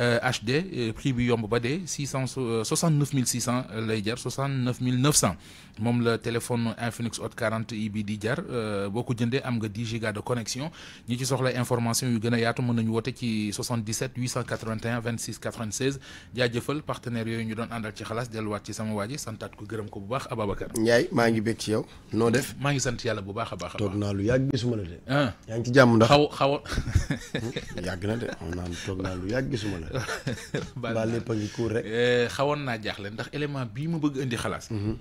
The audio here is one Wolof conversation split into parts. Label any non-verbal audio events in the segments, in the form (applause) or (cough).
HD euh, euh, prix bi yomb ba dee six cent euh, soixante neuf mille six cent lay jar soixante neuf moom la téléphone Infinix Hot 40 i bi di jar boo ko jëndee am nga 10 giga de connexion ñi ci soxla information yu gën a yaatu mën nañu woote ci 77 881 26 96 jaajëfal partenaires yooyu ñu doon àndal ci xalaas delluwaat ci sama waa ji santaat ko gërëm ko bu baax Ababacar. Ndiaye maa ngi bég ci yow noo def. maa ngi sant yàlla bu baax a baax. toog naa lu yàgg gisuma la de. Ah. yaa ngi ci jàmm ndax xaw xaw (laughs) hmm? yàgg na de toog naa lu yàgg baal lépp a ngi kuur rek eh, xawoon naa jaaxle ndax élément bii ma bëgg indi xalaas mhm.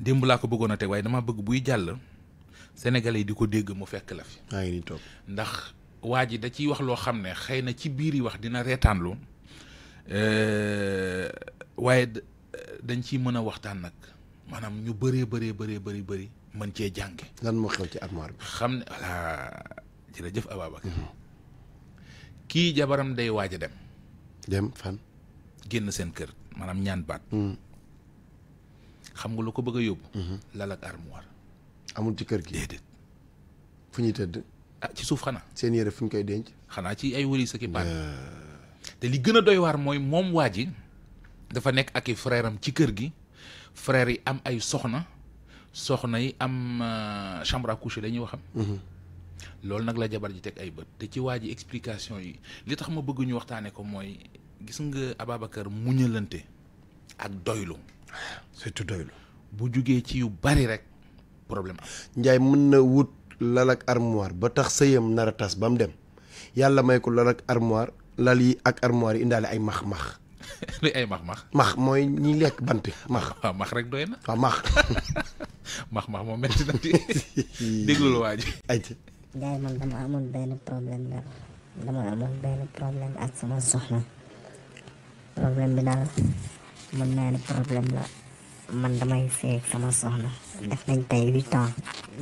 démb laa ko bëggoon a teg waaye damaa bëgg buy jàll sénégalais yi di ko dégg mu fekk la fi maa ngi nii toog ndax waa ji da ciy wax loo xam ne xëy na ci biir yi wax dina reetaanlu eh, waaye dañ ciy mën a waxtaan nag maanaam ñu bëree bëree bëree bëri bëri mën cee jànge lan moo xew ci armoire bi xam ne voilà jërëjëf Ababacar mhm. kii jabaram day waaj a dem. dem fan. génn seen kër maanaam ñaan baat. Hmm. xam nga lu ko bëgg yóbbu. Hmm. lal ak armoire. amul ci kër gi déedéet. fu ñuy tëdd. Ah, ci suuf xanaa. seen yére fu koy denc. xanaa ci ay wëri sa te li gën a doy waar mooy moom waa ji dafa nekk ak i ci kër gi frère yi am ay soxna soxna yi am euh, chambre à coucher la waxam. Hmm. loolu nag la jabar ji teg ay bët te ci waaju explication yi li tax ma bëgguñu ñu waxtaanee ko mooy gis nga Ababacar muñalante ak doylu. surtout doylu. bu jógee ci yu bari rek problème am. Ndiaye mën na wut lal ak armoire ba tax sëyam nar a tas ba mu dem yàlla may ko lal ak armoire lal yi ak armoire yi indaale ay max-max. luy (laughs) ay max-max. max mooy ñi lekk bant max. (laughs) waaw rek doy na. waaw max. (laughs) max-max moom metti na déglu la gars yi man benn problème daal dama amoon benn problème ak sama soxna problème bi daal mën naa ne la man damay sëy sama soxna def nañ tey huit ans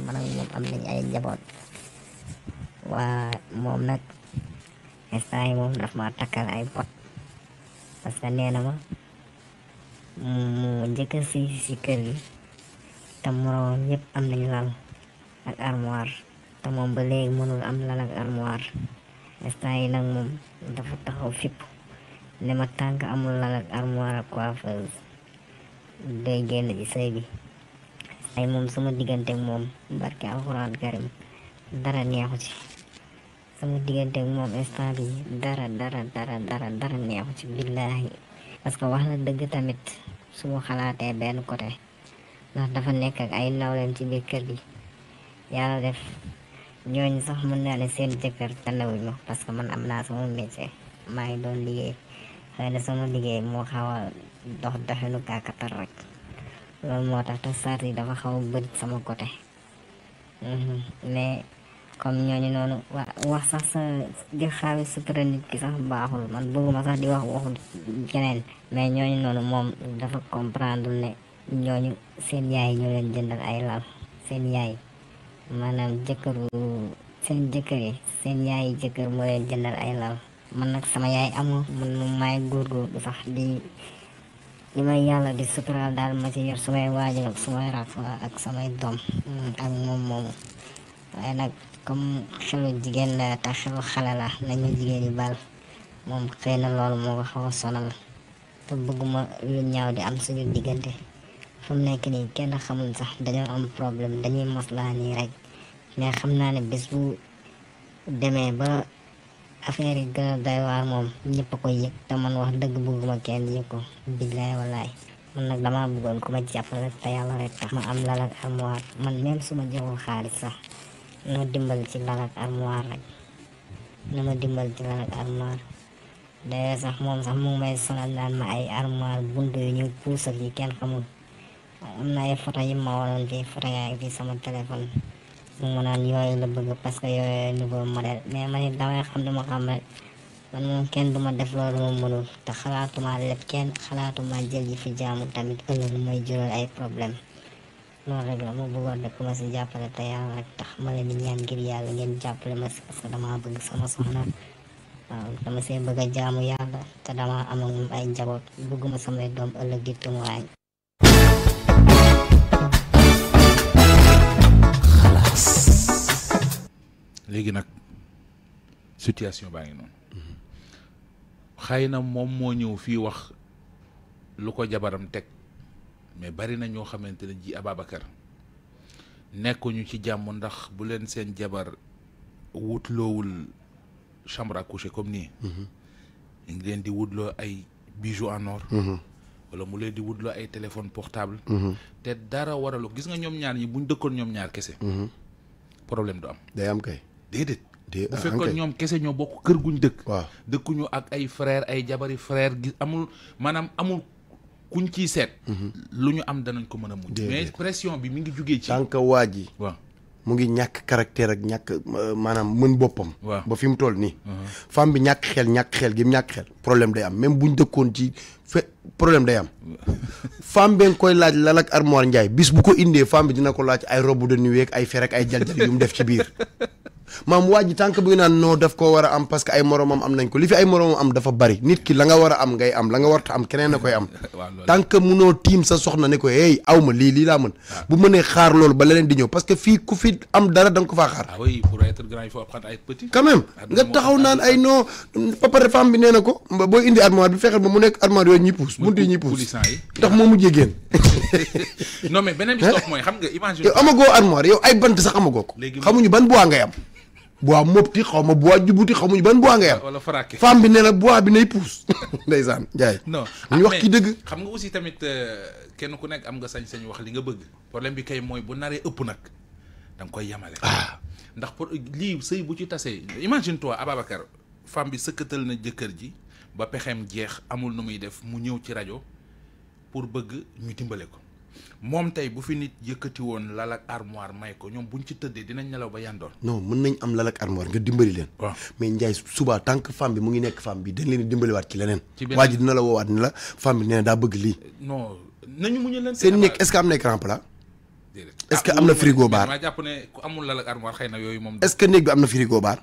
man ak moom am nañ ay njaboot waa moom nag instant yi moom daf ma takkal ay bot parce que nee na ma mu njëkk a sëy si kër gi te moroom am nañu lal ak armoire te moom ba léegi am lal ak armoire yi nag moom dafa taxaw fipp ne ma tànk amul lal ak armoire ak coiffeuse day génn ci sëy bi ay moom sama diggante ak moom barke alxuraan karim dara neexu ci sama diggante ak moom dara dara dara dara dara neexu ci billaahi parce que wax la dëgg tamit su ma xalaatee benn côté ndax dafa nekk ay nawleen ci biir kër gi yàlla def ñooñu sax mën naa ne seen jëkkër tànnawuñ ma parce que man am naa sama métier maa ngi doon liggéey xëy na sama liggéey moo xaw a dox doxinu kàkkatar rek loolu moo tax te sart yi dafa xaw a sama côté mhm. mais comme ñooñu noonu wax sax sa di xaawi sutura nit ki sax baaxul man bëgguma sax di wax waxul keneen mais ñooñu noonu moom dafa comprendre ne ñooñu seen yaay ñoo leen jëndal ay lal seen yaay ma maanaam jëkkëru seen jëkkër yi seen yaay jëkkër moo leen jëndal ay lal man nag sama yaay amul man maay góorgóorlu sax di li ma yàlla di suturaal daal ma ci yor sumay ak sumay rakk ak samay doom ak moom moomu nag comme xelu jigéen la te xelu xale la nañu jigéen yi baal moom xëy na loolu moo ko xaw a bëgguma lu ñaaw di am suñu diggante fu mu nekk nii kenn xamul sax dañoo am problème dañuy maslaa nii rek mais xam naa ne bés bu demee ba affaire yi gën waar moom ñëpp a koy yëg wax dëgg bëgguma kenn yëg ko billaay wallaay man nag damaa bëggoon ku ma jàppale te yàlla rek tax ma am lal ak armoire man même su xaalis sax na ma dimbal ci lal ak rek na dimbal ci lal ak day sax moom sax mu may sonal ma ay armoire buntu ñu puus yi kenn xamul am na yi ma wanoon fii photo sama téléphone mu naan yooyu la bëgg parce que yooyu nouveau modèle mais man it damay xam li ma xam rek man moom kenn du ma def loolu ma mënul te xalaatuma lépp kenn xalaatuma jël ji fi jaamu tamit ëllëg mooy jural ay problème loolu rek la ma bëggoon rek ma si jàppale te yàlla rek tax ma leen di ñaan ngir yàlla ngeen ma si parce que damaa bëgg sama soxna waaw dama see jaamu yàlla te dama am ak moom ay njaboot bëgguma samay doom ëllëg di tumuwaañ situation baa ngi noonu xëy na moom moo ñëw fii wax lu ko jabaram teg mais bari na ñoo xamante ne ji Ababacar nekkuñu ci jàmm ndax bu leen seen jabar wutloowul chambre à coucher comme nii mhm. ñu ngi leen di wutloo ay bijoux en or mhm. wala mu leen di wutloo ay téléphone portable mhm. te dara waralu gis nga ñoom ñaar ñi buñ dëkkoon ñoom ñaar kese problème du am day am kay bu ah, fekkoon ñoom kese ñoo bokk kër guñ dëkk waaw dëkkuñu ak ay frère ay jabari frère gi amul maanaam amul kuñ ciy seet mhm. lu ñu am danañ ko mën a mujj mais pression bi mi ngi jugee ci tànk waa ji waaw mu ngi ñàkk caractère ak ñàkk maanaam mën boppam ba fi mu toll nii mhm. femme bi ñàkk xel ñàkk xel gi ñàkk xel problème day am même buñ dëkkoon ci fe problème day am (laughs) femme bi nga koy laaj lal ak armoire njaay bis bu ko indee femme bi dina ko laaj ay robe da nuit ak ay fer ak ay jaljal yu mu def ci biir (laughs) maam waa ji tànk bu ngi naan noo daf koo war a am parce que ay moroomam am nañ ko li fi ay moromam am dafa bari nit ki la nga war a am ngay am langa nga warta am keneen na koy am (laughs) tànk munoo tiim sa soxna ne ko aw ma lii lii laa mën ah. bu mënee xaar loolu ba leneen di ñëw parce que fii ku fi am dara da nga ko faa xaar ah quand ah, naan ay noo papare femme bi nee na ko boo indi armoire bi fexeel ba mu nekk armoire yooyu ñuy puus mun di ñuy puus ndax moo mujjee génn (laughs) non beneen mooy xam nga imagine amagoo armoire yow ay bant sax amagoo ko xamuñu ban bois ngay am bois mopti xaw ma bois jubuti xaw ma ban bois nga yar. wala faraake femme bi ne la bois bi nay puus. (laughs) ndeysaan Ndiaye. non ñu ah, wax ki dëgg. xam nga aussi tamit euh, kenn ku nekk am nga sañ-sañ wax li nga bëgg. problème bi kay mooy bu naree ëpp nag da nga koy yemale. Ah. ndax pour lii sëy bu ci tasee. imagine toi Ababacar femme bi sëkkatal na jëkkër ji ba pexeem jeex amul nu muy def mu ñëw ci rajo pour bëgg ñu dimbale ko. moom tey bu fi nit yëkkati woon lal ak armoire may ko ñoom buñ ci tëddee dinañ nelaw ba yandoon non mën nañ am lal ak armoire nga dimbali leen waaw mais Ndiaye suba tant que femme bi mu ngi nekk femme bi dañ leen di dimbaliwaat ci leneen waa ji dina la woowaat ni la femme bi nee na daa bëgg lii non nañu muñu leen seen nekk est-ce que am na écran plat est-ce que ah, am na frigo bar maa jàpp ne ku amul lal ak armoire xëy na yooyu moom est-ce que néeg bi am na frigo bar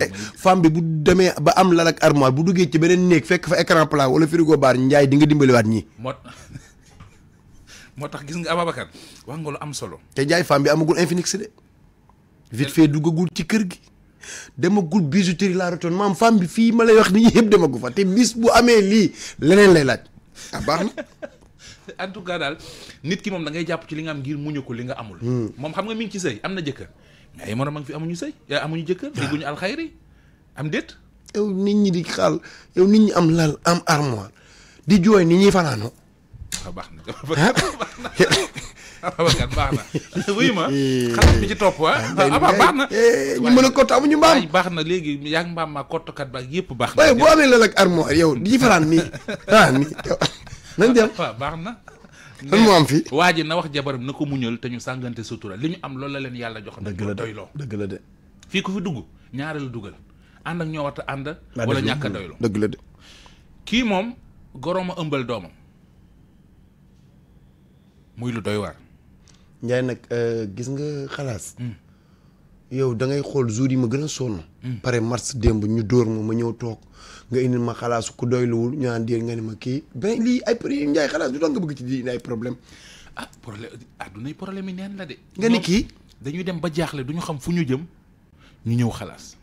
eh, femme bi bu demee ba am lal ak armoire bu duggee ci beneen néeg fekk fa écran plat wala frigo bar Ndiaye di nga dimbaliwaat ñi (laughs) moo tax gis nga Ababacar wax nga lu am solo. te jaay femme bi amagul Infinix de. vite fait duggagul ci kër gi. demagul bijouterie la retoon maam femme bi fii ma lay wax nii yëpp demagu fa te bis amee lii leneen lay laaj. ah baax na. (laughs) en tout daal nit ki moom da ngay jàpp ci li nga am ngir muñu ko li nga amul. Hmm. moom xam nga mi ngi ci sëy am na jëkkër. mais ay moroom ngi fi amuñu sëy eh, amuñu jëkkër. waaw ah. dégguñu alxayri am déet. nit ñi di xaal yow nit ñi am lal am armoire di jooy ni ñuy fanaanoo na baax na ababacar baax na wuyu (laughs) ma xanaa bi ci topp wa ah, aba baax na eh, ñu mën a kott amuñu mbaam baax na léegi yaa mbaam ma kottkat baak yëpp baax na boo amee loolu ak armoire yow di faraan nii faraan (laughs) ah, nii nañ dem waaw baax na lan moo am fii waa ji na wax jabaram na ko muñal te ñu sàngante sutura li ñu am loolu la leen yàlla jox dëgg la doyloo dëgg la de fii ku fi dugg ñaareelu dugal ànd ak ñoo warta ànd wala ñàkk a doyloo dëgg la de kii moom gorooma ëmbal doomam muy lu doy waar. Ndiaye nag euh, gis nga xalaas. Hmm. yow da ngay xool jour yi ma gën a sonn. Hmm. pare mars démb ñu dóor ma ma ñëw toog nga indil ma xalaas ku doyluwul ñu naan déet nga ne ma kii beneen lii ay prix Ndiaye bëgg ci di ay problème ah problème addunay ah, problème yi neen la de. kii dañuy dem ba jaaxle du ñu xam fu ñu jëm. ñu ñëw xalaas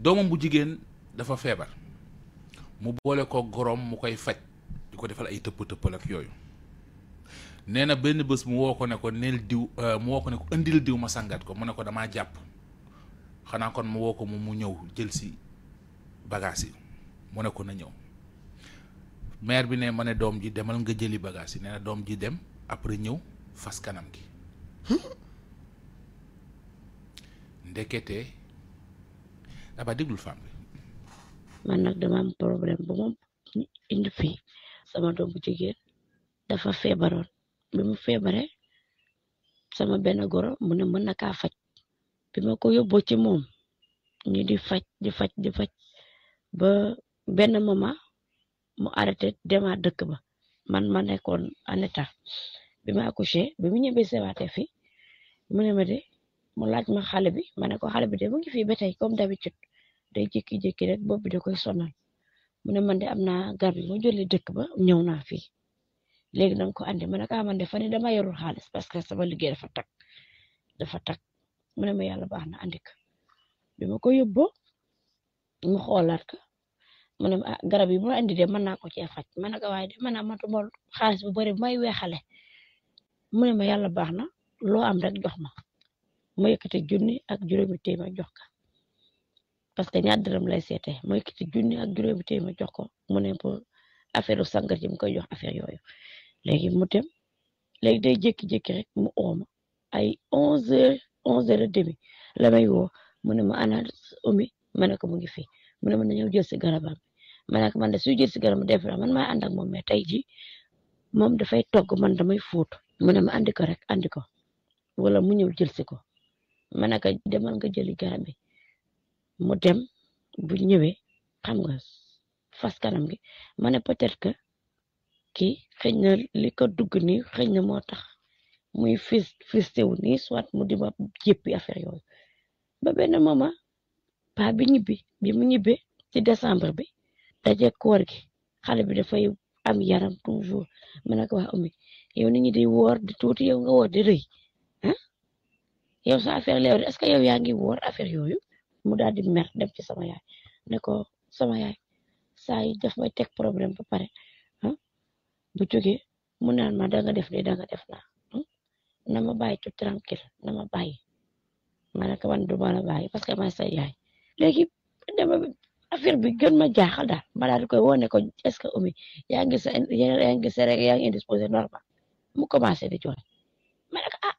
doomam bu jigéen dafa feebar mu boole ko goroom mu koy faj du ko defal ay tëpp tëppal ak yooyu. nee na benn bés mu woo ko ne ko neel diw euh, mu woo ko ne ko indil diw ma sangat ko mu ne ko damaa jàpp xanaa kon mu woo ko mu mu ñëw jël si bagaas yi mu ne ko na ñëw maire bi ne ma ne doom ji demal nga jëli bagages yi nee na doom ji dem après ñëw fas kanam gi ndekete daba déglul femme bi man nag dama problème bu moom indi fii sama doom bu jigéen dafa feebaroon bi mu feebaree sama benn goro mu ne mën na faj bi ma ko yóbboo ci moom ñu di faj di faj di faj ba benn moment mu arrêté demaat dëkk ba man ma nekkoon en état bi ma accouché bi mu ñëbbee sewaatee fii mu ne ma de mu laaj ma xale bi ma ne ko bi de mu ngi fii ba tey comme d'habitude day jékki rek bopp bi da koy sonal mu man de am na garab yi ma dëkk ba ñëw naa fii léegi na ko andi ma ne ko ah, man de fan dama yorul xaalis parce que sama liggéey dafa tag dafa tag mu ne ma yàlla baax na andi ko ma ko yóbboo mu xoolaat ko mu ne ma ah garab yi ma andi mën naa ko cee faj ma ne ko waaye de man matuma xaalis bu bëri may weexale mu ne ma yàlla baax na loo am rek jox ma ma yëkkati junni ak juróomi téeméer jox ko parce que ñaar dërëm lay seete ma yëkkati junni ak juróomi a jox ko mu ne pour affaire sangar ji mu koy jox affaire yooyu. léegi mu dem léegi day jékki rek mu ooma ay onze heures onze heures et demi la may woo mu ne ma ana omi ma ne ko mu ngi fi mu ne ma na ñëw jël si garabam ma ne man de suy jël si garabam def man ma ànd ak moom mais tey jii moom dafay togg man damay fóot mu ne ma andi rek andi ko wala mu ñëw jël si ko ma ne ko demal nga jëli dem bu ñëwee xam nga fas kanam gi ma que. ki xëj na li ko dugg ni xëj na moo tax muy fis fistewu ni soit mu dima jéppi affaire yooyu ba benn moment paa bi ñibbi bi mu ñibbe ci décembre bi daje koor gi xale bi dafay am yaram toujours ma ne ko wax umi yow nit ñi di woor di tuuti yow nga woor di rëy ah yow sa affaire leer est-ce que yow yaa ngi woor affaire yooyu mu daal di mer dem ci sama yaay neko sama yaay saa yi daf may teg problème ba pare du jóge mu naan ma danga def li danga def na hmm? na ma bàyyi tu tranquille na ma bàyyi ma ne ko man du ma la bàyyi parce que ma sa yaay léegi dama affaire bi gën ma jaaxal daal ma daal koy wone ko est ce que omi yaa ngi ya yaa ngi sa mu commencé di jooy ma ne ko ah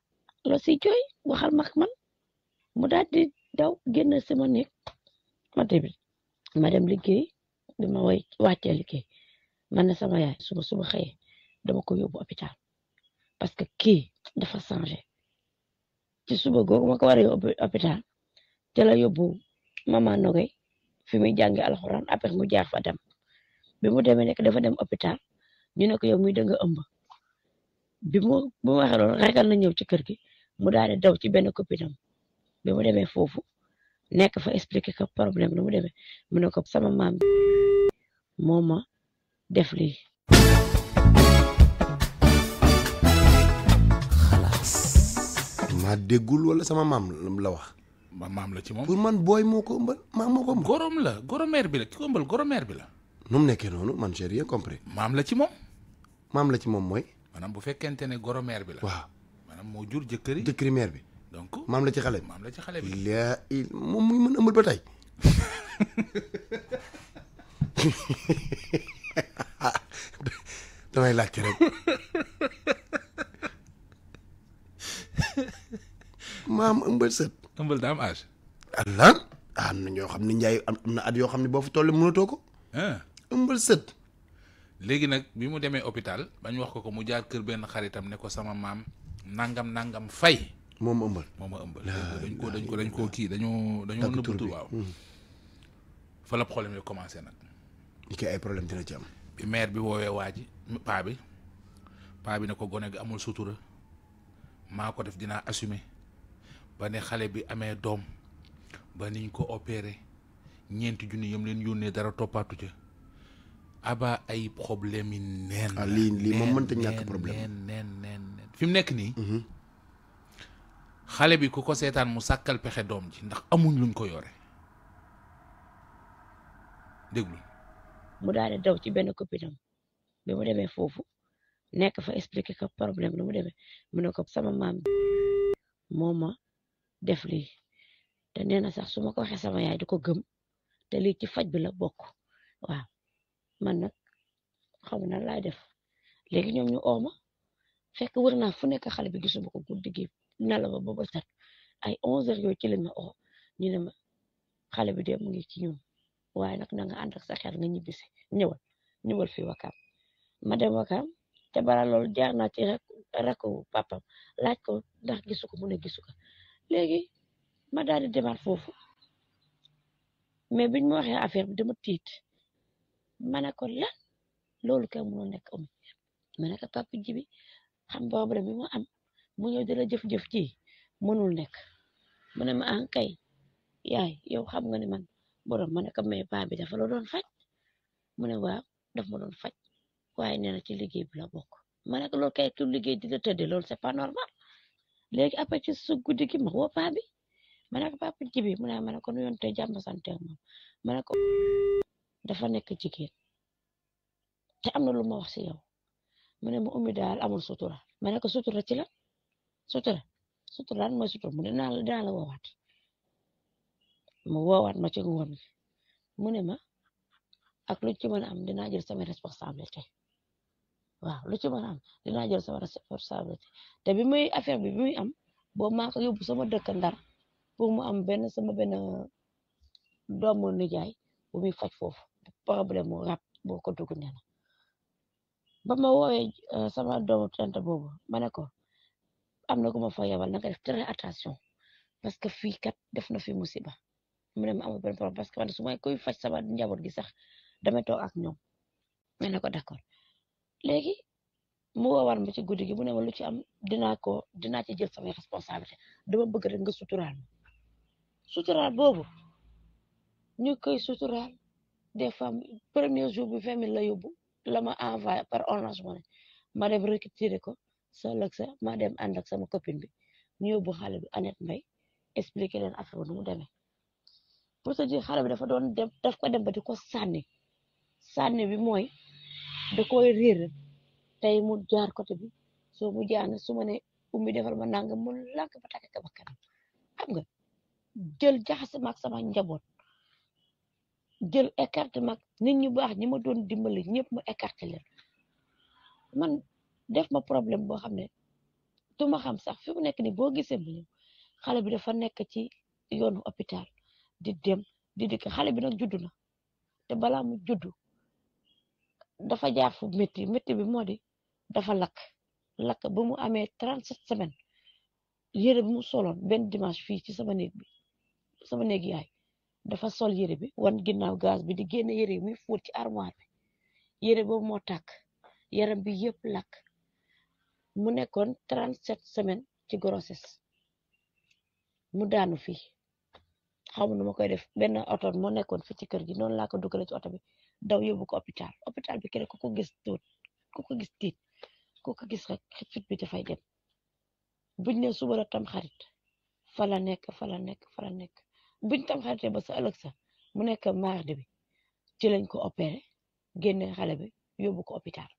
loo si jooy waxal ma man daw génn si ma nekk ma dem liggéey bi ma way wàccee liggéey man na sama yaay suba suba xëyee dama ko yóbbu hôpital parce que kii dafa changé ci suba googu ma ko war a yóbbu hôpital te la yóbbu mama nogay fi muy jàngi alxuraan après mu jaar fa dem bi mu demee nekk dafa dem hôpital ñu ne ko yow muy da nga ëmb bi mu bu ma waxee loolu ragal na ñëw ci kër gi mu daal di daw ci benn copinam bi mu demee foofu nekk fa expliqué ko problème lu mu demee mu ne ko sama maam bi def lii maa déggul wala sama maam la wax ma maam la ci moom pour man booy moo ko ëmbal maam moo ko ëmbal goromeer bi la ki ko ëmbal goromeer bi la nu mu nekkee noonu man j'ai rien compris maam la ci moom maam la ci moom mooy maanaam bu fekkente ne goromeer bi la waaw maanaam moo jur jëkkëri jëkkëri meer bi donc maam la ci xale bi la ci xale bi laa moom muy mën ëmbal ba tey (laughs) damay laajte rek maam ëmbal sët. ëmbal daa am âge. lan am na ñoo xam ne njaay am na at yoo xam ne boo fa toll mënatoo ko. ëmbal ah. sët. léegi nag bi mu demee hôpital bañ wax ko ko mu jaar kër benn xaritam ne ko sama maam nangam nangam fay. moom ëmbal moom a ëmbal. dañ ko dañ ko dañ koo kii dañoo dañoo nëbbatu waaw. Mm. fa la problème yi commencé nag. ni ay problème dina ci bi maire bi woowee waa ji paa bi paa bi ne ko gone gi amul sutura maa ko def dinaa assumer ba ne xale bi amee doom ba niñ ko opéré ñeenti junni yam leen yónnee dara toppaatu ca aba ay problème yi neen. Ah, lii lii moom mënta ñàkk problème neen neen neen fi mu nekk nii. Mhm. xale bi ku ko seetaan mu sàkkal pexe doom ji ndax amuñ luñ ko yore déglu. mu daal di daw ci benn copinam bi mu demee foofu nekk fa expliquer ko problème bi mu demee mu ne ko sama maam moo ma def li te nee na sax su ma ko waxee sama yaay di ko gëm te lii ci faj bi la bokk waaw man nag xaw na laay def léegi ñoom ñu ooma fekk wër naa fu nekk xale bi gisuma ko guddi gi nala ba ba ba sat ay 11 heures yooyu ci lañ ma oo ñu ne ma xale bi de mu ngi ci ñun waaye nag na nga ànd sa xel nga ñibbisi ñëwal ñëwal fi wakaam ma dem wakaam te bara lool jaar naa ci rakku papam laaj ko ndax gisu ko mu ne gisu ko léegi ma daal di demaat foofu mais biñ ma waxee affaire bi dama tiit ma ne ko lan loolu kay mënoo nekk am ma ne ko papa mënul nekk mu ne ma ah yow xam nga ne man borom ma ne ko mais paa bi dafa la doon faj mu ne waaw daf ma doon faj waaye nee na ci liggéey bi la bokk ma ne ko loolu kay tur liggéey di la tëddee loolu c'est pas normal léegi après ci su guddi gi ma woo paa bi ma ne ko papa jibi mu ne ma ne ko nu yoon te jàmm sante ko dafa nekk jigéen te am na lu ma wax si yow mu ne ma ummi daal amul sutura ma ne ko sutura ci la sutura sutura lan naa la mu woowaat ma ci ngoon mu ne ma ak lu ci mën a am dinaa jël sama responsabilité waaw lu ci am dinaa jël sama responsabilité te bi muy affaire bi bi muy am boobu maa ko yóbbu sama dëkk ndar pour mu am benn sama benn doomu nijaay bu muy faj foofu problème mu rab boo ko dugg nee na ba ma woowee euh, sama doomu tante boobu ma ne ko am na ku ma fa yabal na nga def très attention parce que fii kat def na fi siba mu ne ma amul benn problème parce que man su may koy faj sama njaboot gi sax damay toog ak ñoom ma ne ko d'accord léegi mu woowaan ma ci guddi gi mu ne ma lu ci am dinaa ko dinaa ci jël samay responsabilité dama bëgg rek nga suturaal ma suturaal boobu ñu koy suturaal des fois premier jour bi vingt mille la yóbbu la ma envoyé par orange money ma ko sa lëg sa ma dem ànd ak sama copine bi ñu yóbbu xale bi Annette Mbaye expliqué leen a bi nu mu pour se dire xale bi dafa doon dem daf ko dem ba di ko sànni sànni bi mooy di koy réer tey mu jaar côté bi soo mu jaar ne su ma ne ummi defal ba nangam mu lànk ba tàkk ka bakkanam xam nga jël jaxase maag sama njaboot jël écarté maag nit ñu baax ñi ma doon dimbali ñëpp mu écarté leen man def ma problème boo xam ne du ma xam sax fi mu nekk ni boo gisee mu xale bi dafa nekk ci yoonu hopital di dem di dikk xale bi nag juddu na te balaa mu juddu dafa jaar fu métti métti bi moo di dafa lakk lakk ba mu amee trente sept semaines yére bi mu soloon benn dimanche fii ci sama néeg bi néeg yaay dafa sol yére bi wan ginnaaw gaz bi di génne yére yi muy ci armoire bi yére boobu moo tàkk yaram bi yëpp lakk mu nekkoon trente sept semaine ci grossesse mu daanu fii xam ma nu ma koy def benn oto moo nekkoon fi ci kër gi noonu laa ko dugalee bi daw yóbbu ko hôpital hôpital bi kenn ku ko gis tuut ku ko gis tiit ku ko gis rek bi dafay dem buñ ne suba la tam xarit fa la nekk fa la nekk buñ tam xaritee ba sa ëllëg sa mu nekk mardi bi ci lañ ko opéré génne xale bi yóbbu ko hôpital.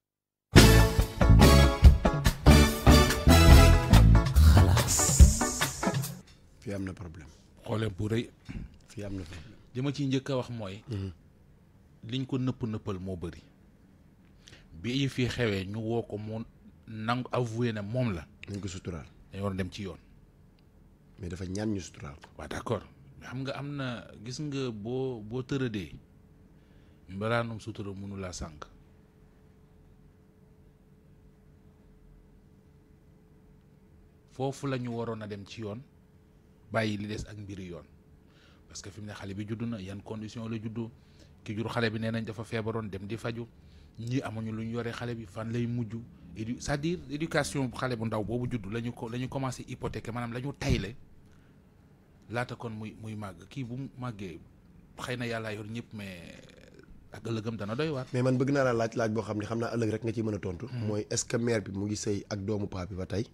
xalaas. fi na problème. problème bu rëy. fii am na problème li ma ci njëkk a wax mooy. Mhm. liñ ko nëpp nëppal moo bari bi yi fii xewee ñu woo ko mu nangu avoué ne moom la. nañ ko suturaal. dañu war dem ci yoon. mais dafa ñaan ñu suturaal xam nga am na gis nga boo boo tëradee mbalaanum sutura mënu laa sànq. foofu la ñu waroon a dem ci yoon. bàyyi li des ak mbiri yoon parce que fi mu ne xale bi juddu na yan condition la juddoo ki jur xale bi nee nañ dafa feebaroon dem di faju ñi amuñu lu ñu yore xale bi fan lay mujj édu c'est-à-dire éducation xale bu ndaw boobu juddu lañu ko la ñu commencé hypothéquer maanaam la ñu tayle laata kon muy muy màgg kii bu màggee xëy na yàllaa yor ñëpp mais ak ëllëgam dana doy waar mais man bëgg naa la laaj laaj boo xam ne xam naa ëllëg rek nga ciy mën a tontu hmm. mooy est-ce que mère bi mu ngi sëy ak doomu paa bi ba tey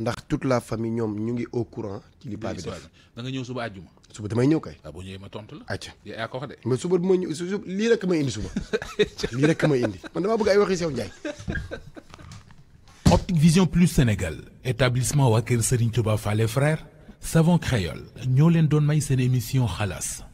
ndax toute la famille ñoom ñu ngi au courant ci li paa bi def da nga ñëw suba àjjuma suba damay ñëw kay waaw ah, boo ñëwee ma tontu la acca yaa ko wax de suba bu ma ñëw suba lii rek may indi suba (laughs) lii rek may indi man damaa bëgg ay waxi sew njaay Optique Vision Plus Sénégal établissement waa kër Serigne Touba Fall frère savon créole ñoo leen doon may seen émission xalaas